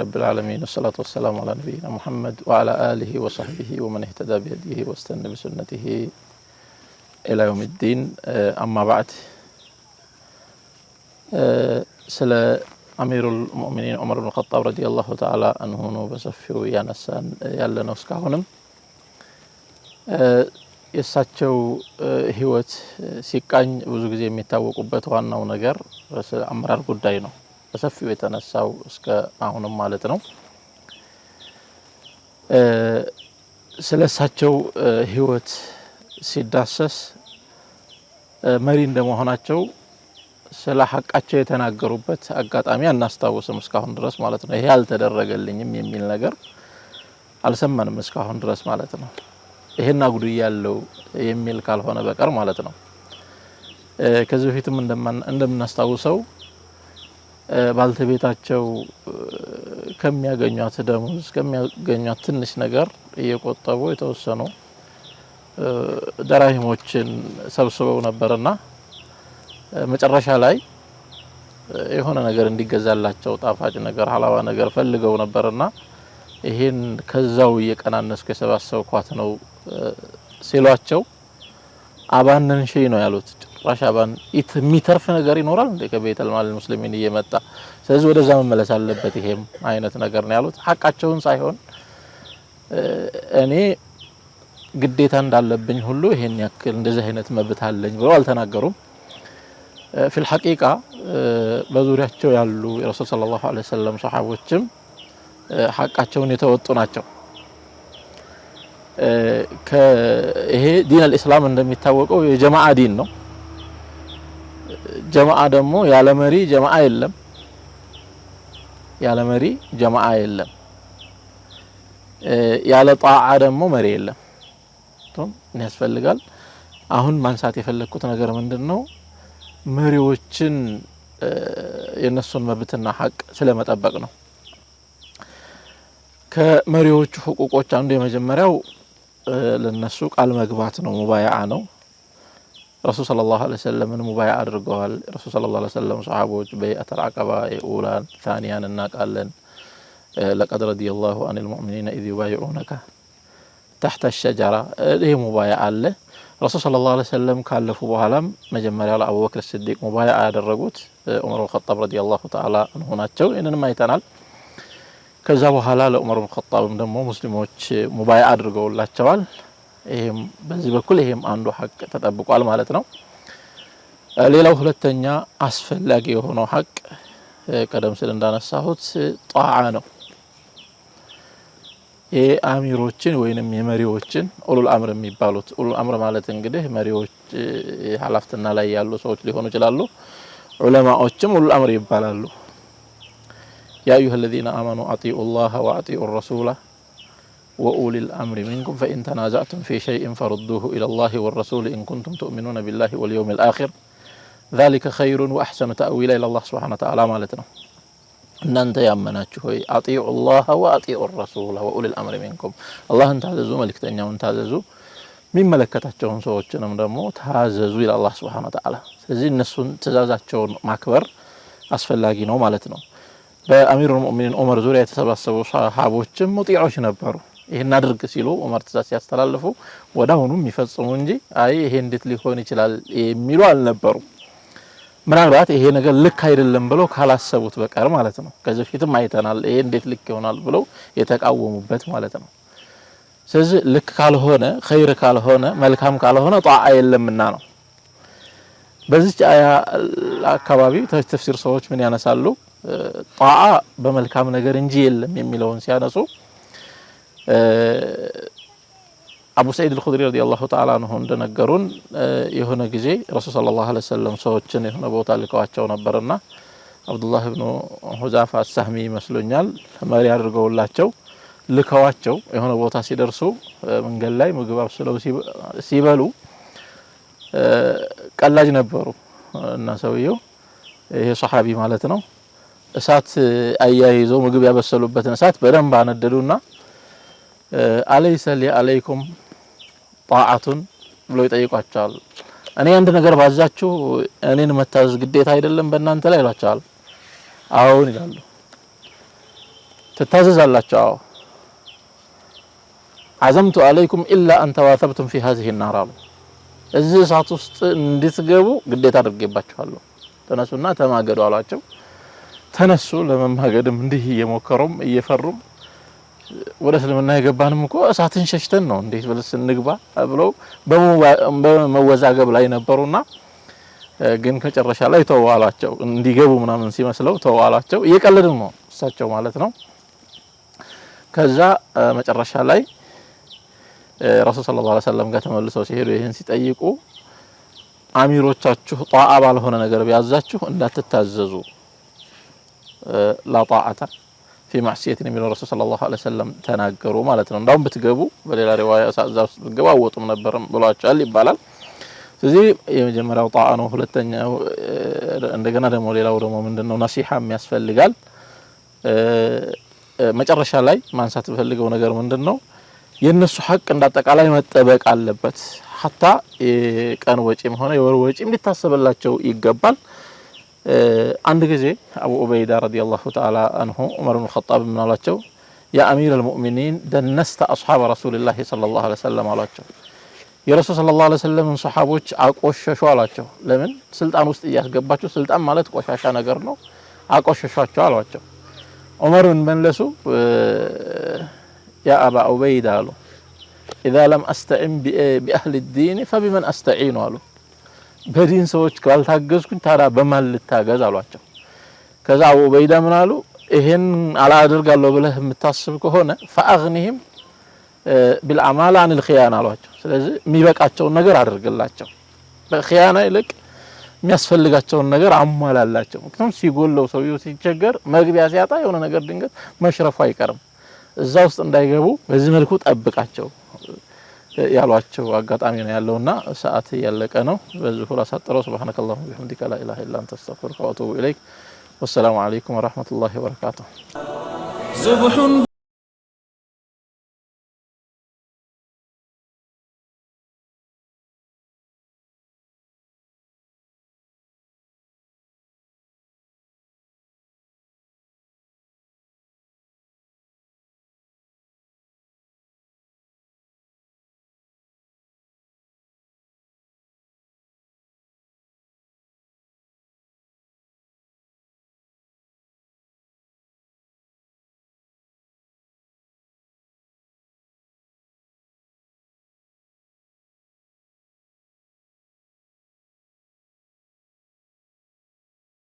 رب العالمين والصلاة والسلام على نبينا محمد وعلى آله وصحبه ومن اهتدى بهديه واستنى بسنته إلى يوم الدين آه، أما بعد آه، سلا أمير المؤمنين عمر بن الخطاب رضي الله تعالى عنه بسفيو يا نسان يا لنوس كهونم آه، የእሳቸው ህይወት ሲቃኝ ብዙ ጊዜ የሚታወቁበት ዋናው ነገር አመራር ጉዳይ በሰፊው የተነሳው እስከ አሁንም ማለት ነው። ስለ እሳቸው ሲዳሰስ መሪ እንደመሆናቸው ስለ ሀቃቸው የተናገሩበት አጋጣሚ አናስታውስም እስካሁን ድረስ ማለት ነው። ይሄ አልተደረገልኝም የሚል ነገር አልሰማንም እስካሁን ድረስ ማለት ነው። ይሄን አጉድ ያለው የሚል ካልሆነ በቀር ማለት ነው። ከዚህ በፊትም እንደምናስታውሰው ባልተቤታቸው ከሚያገኟት ደሞዝ ከሚያገኟት ትንሽ ነገር እየቆጠቡ የተወሰኑ ደራሂሞችን ሰብስበው ነበርና መጨረሻ ላይ የሆነ ነገር እንዲገዛላቸው ጣፋጭ ነገር ሀላዋ ነገር ፈልገው ነበርና ይሄን ከዛው እየቀናነስኩ የሰባሰብኳት ነው ሲሏቸው አባንን ነው ያሉት። ጭራሽ አባን የሚተርፍ ነገር ይኖራል እንደ ከቤተል ማል ሙስሊሚን እየመጣ ስለዚህ ወደዛ መመለስ አለበት። ይሄም አይነት ነገር ነው ያሉት። ሀቃቸውን ሳይሆን እኔ ግዴታ እንዳለብኝ ሁሉ ይሄን ያክል እንደዚህ አይነት መብት አለኝ ብለው አልተናገሩም። ፊል ሐቂቃ በዙሪያቸው ያሉ የረሱል ሰለላሁ ዐለይሂ ወሰለም ሰሐቦችም ሐቃቸውን የተወጡ ናቸው። ይሄ ዲን አልኢስላም እንደሚታወቀው የጀማዓ ዲን ነው። ጀማአ ደግሞ ያለ መሪ ጀማአ የለም። ያለ መሪ ጀማአ የለም። ያለ ጣዓ ደግሞ መሪ የለም። ምን ያስፈልጋል? አሁን ማንሳት የፈለግኩት ነገር ምንድን ነው? መሪዎችን የነሱን መብትና ሀቅ ስለመጠበቅ ነው። ከመሪዎቹ ህቁቆች አንዱ የመጀመሪያው ለነሱ ቃል መግባት ነው፣ ሙባያአ ነው። ረሱል ሰለላሁ ዐለይሂ ወሰለምን ሙባያ አድርገዋል። ረሱል ሰለላሁ ዐለይሂ ወሰለም ሰሓቦች በይአተል አቀባ የኡላን ታንያን እናውቃለን። ለቀድ ረዲየላሁ አኒል ሙእሚኒነ ኢዝ ዩባይዑነከ ተሕተ ሸጀራ ይህ ሙባያ አለ። ረሱል ሰለላሁ ዐለይሂ ወሰለም ካለፉ በኋላም መጀመሪያ ለአቡበክር ስዲቅ ሙባያ ያደረጉት ዑመር ብንኸጣብ ረዲየላሁ ተዓላ አንሁ ናቸው። ይህንንም አይተናል። ከዛ በኋላ ለዑመር ብንኸጣብም ደግሞ ሙስሊሞች ሙባያ አድርገውላቸዋል። ይሄም በዚህ በኩል ይሄም አንዱ ሀቅ ተጠብቋል ማለት ነው። ሌላው ሁለተኛ አስፈላጊ የሆነው ሀቅ ቀደም ሲል እንዳነሳሁት ጧዓ ነው። የአሚሮችን ወይንም የመሪዎችን ኡሉል አምር የሚባሉት ኡሉል አምር ማለት እንግዲህ መሪዎች ኃላፍትና ላይ ያሉ ሰዎች ሊሆኑ ይችላሉ። ዑለማዎችም ኡሉል አምር ይባላሉ። ያ አዩሀ ለዚነ አመኑ አጢኡ ላህ ወአጢኡ ረሱላ وأولي الأمر منكم فإن تنازعتم في شيء فردوه إلى الله والرسول إن كنتم تؤمنون بالله واليوم الآخر ذلك خير وأحسن تأويلا إلى الله سبحانه وتعالى ማለት ነው እናንተ ያመናችሁ ሆይ አጢዑ ላህ ወአጢዑ ረሱላ ወኡሊ ልአምር ሚንኩም አላህን ታዘዙ መልክተኛውን ታዘዙ የሚመለከታቸውን ሰዎችንም ደግሞ ታዘዙ ይል አላ ስብን ተዓላ ስለዚህ እነሱን ትእዛዛቸውን ማክበር አስፈላጊ ነው ማለት ነው በአሚሩ ልሙእሚኒን ዑመር ዙሪያ የተሰባሰቡ ሰሃቦችም ሙጢዖች ነበሩ ይሄን አድርግ ሲሉ ዑመር ትእዛዝ ሲያስተላልፉ ወደ አሁኑ የሚፈጽሙ እንጂ አይ ይሄ እንዴት ሊሆን ይችላል የሚሉ አልነበሩም። ምናልባት ይሄ ነገር ልክ አይደለም ብለው ካላሰቡት በቀር ማለት ነው። ከዚህ በፊትም አይተናል። ይሄ እንዴት ልክ ይሆናል ብለው የተቃወሙበት ማለት ነው። ስለዚህ ልክ ካልሆነ ኸይር ካልሆነ መልካም ካልሆነ ጣዓ የለምና ነው። በዚች አያ አካባቢ ተፍሲር ሰዎች ምን ያነሳሉ? ጣዓ በመልካም ነገር እንጂ የለም የሚለውን ሲያነሱ አቡ ሰዒድ አልኹድሪ ረዲየላሁ ተዓላ አንሁ እንደነገሩን የሆነ ጊዜ ረሱል ሰለላሁ ዐለይሂ ወሰለም ሰዎችን የሆነ ቦታ ልከዋቸው ነበርና አብዱላህ ብኑ ሁዛፋ አሳህሚ ይመስሉኛል መሪ አድርገውላቸው ልከዋቸው የሆነ ቦታ ሲደርሱ መንገድ ላይ ምግብ አብስለው ሲበሉ ቀላጅ ነበሩ እና ሰውየው ይሄ ሰሓቢ ማለት ነው። እሳት አያይዘው ምግብ ያበሰሉበትን እሳት በደንብ አነደዱና አለይሰ ሊ አለይኩም ጣዓቱን ብሎ ይጠይቋቸዋል። እኔ አንድ ነገር ባዛችሁ እኔን መታዘዝ ግዴታ አይደለም በእናንተ ላይ ይሏቸዋል። አሁን ይላሉ። ትታዘዛላችሁ። አዎ አዘምቱ አለይኩም ኢላ አን ተዋተብቱም ፊ ሀዚህ ናር አሉ። እዚህ እሳት ውስጥ እንድትገቡ ግዴታ አድርጌባችኋለሁ። ተነሱና ተማገዱ አሏቸው። ተነሱ። ለመማገድም እንዲህ እየሞከሩም እየፈሩም ወደ እስልምና የገባንም እኮ እሳትን ሸሽተን ነው። እንዴት ብለስ እንግባ ብለው በመወዛገብ ላይ ነበሩና ግን ከጨረሻ ላይ ተዋዋሏቸው። እንዲገቡ ምናምን ሲመስለው ተዋዋሏቸው። እየቀለድን ነው እሳቸው ማለት ነው። ከዛ መጨረሻ ላይ ረሱል ሰለላሁ ዐለይሂ ወሰለም ጋር ተመልሰው ሲሄዱ ይህን ሲጠይቁ አሚሮቻችሁ ጣዓ ባልሆነ ነገር ቢያዛችሁ እንዳትታዘዙ ላጣአታ ፊ ማዕስየትን የሚለውን ረሱል ሰለላሁ ዐለይሂ ወሰለም ተናገሩ ማለት ነው። እንዳሁም ብትገቡ በሌላ ሪዋያ እዛ ውስጥ ብትገቡ አወጡም ነበርም ብሏቸዋል ይባላል። ስለዚህ የመጀመሪያው ጣዓ ነው። ሁለተኛው እንደገና ደግሞ ሌላው ደግሞ ምንድን ነው ነሲሐም ያስፈልጋል። መጨረሻ ላይ ማንሳት ፈልገው ነገር ምንድን ነው የእነሱ ሀቅ እንዳጠቃላይ መጠበቅ አለበት። ሀታ የቀን ወጪም ሆነ የወር ወጪም ሊታሰብላቸው ይገባል። አንድ ጊዜ አቡ ኡበይዳ ረዲየላሁ ተዓላ አንሁ ዑመር ብኑ ኸጣብ ምን አሏቸው? ያ አሚረል ሙእሚኒን ደነስተ አስሓበ ረሱሊላሂ ሰለላሁ ዐለይሂ ወሰለም አሏቸው። የረሱል ሰለላሁ ዐለይሂ ወሰለምን ሰሓቦች አቆሸሹ አሏቸው። ለምን ስልጣን ውስጥ እያስገባችሁ፣ ስልጣን ማለት ቆሻሻ ነገር ነው፣ አቆሸሿቸው አሏቸው። ዑመር ምን መለሱ? ያ አባ ኡበይዳ አሉ ኢዛ ለም አስተዒን ቢአህሊ ዲን ፈቢመን አስተዒኑ አሉ በዲን ሰዎች ካልታገዝኩኝ ታዲያ በማን ልታገዝ አሏቸው። ከዛ አቡ ምን አሉ? ይሄን አላደርጋለሁ ብለህ የምታስብ ከሆነ ፈአግኒህም ቢልአማል አን ልክያና አሏቸው። ስለዚህ የሚበቃቸውን ነገር አድርግላቸው፣ በክያና ይልቅ የሚያስፈልጋቸውን ነገር አሟላላቸው። ምክንያቱም ሲጎለው ሰውየው ሲቸገር መግቢያ ሲያጣ የሆነ ነገር ድንገት መሽረፉ አይቀርም። እዛ ውስጥ እንዳይገቡ በዚህ መልኩ ጠብቃቸው። ያሏቸው አጋጣሚ ነው ያለውና ሰዓት እያለቀ ነው። በዚሁ ላሳጥረው። ሱብሃነከ አላሁመ ቢሐምዲከ ላ ኢላሀ ኢላ አንተ አስተግፊሩከ ወአቱቡ ኢለይክ። ወሰላሙ አለይኩም ወረህመቱላሂ ወበረካቱሁ።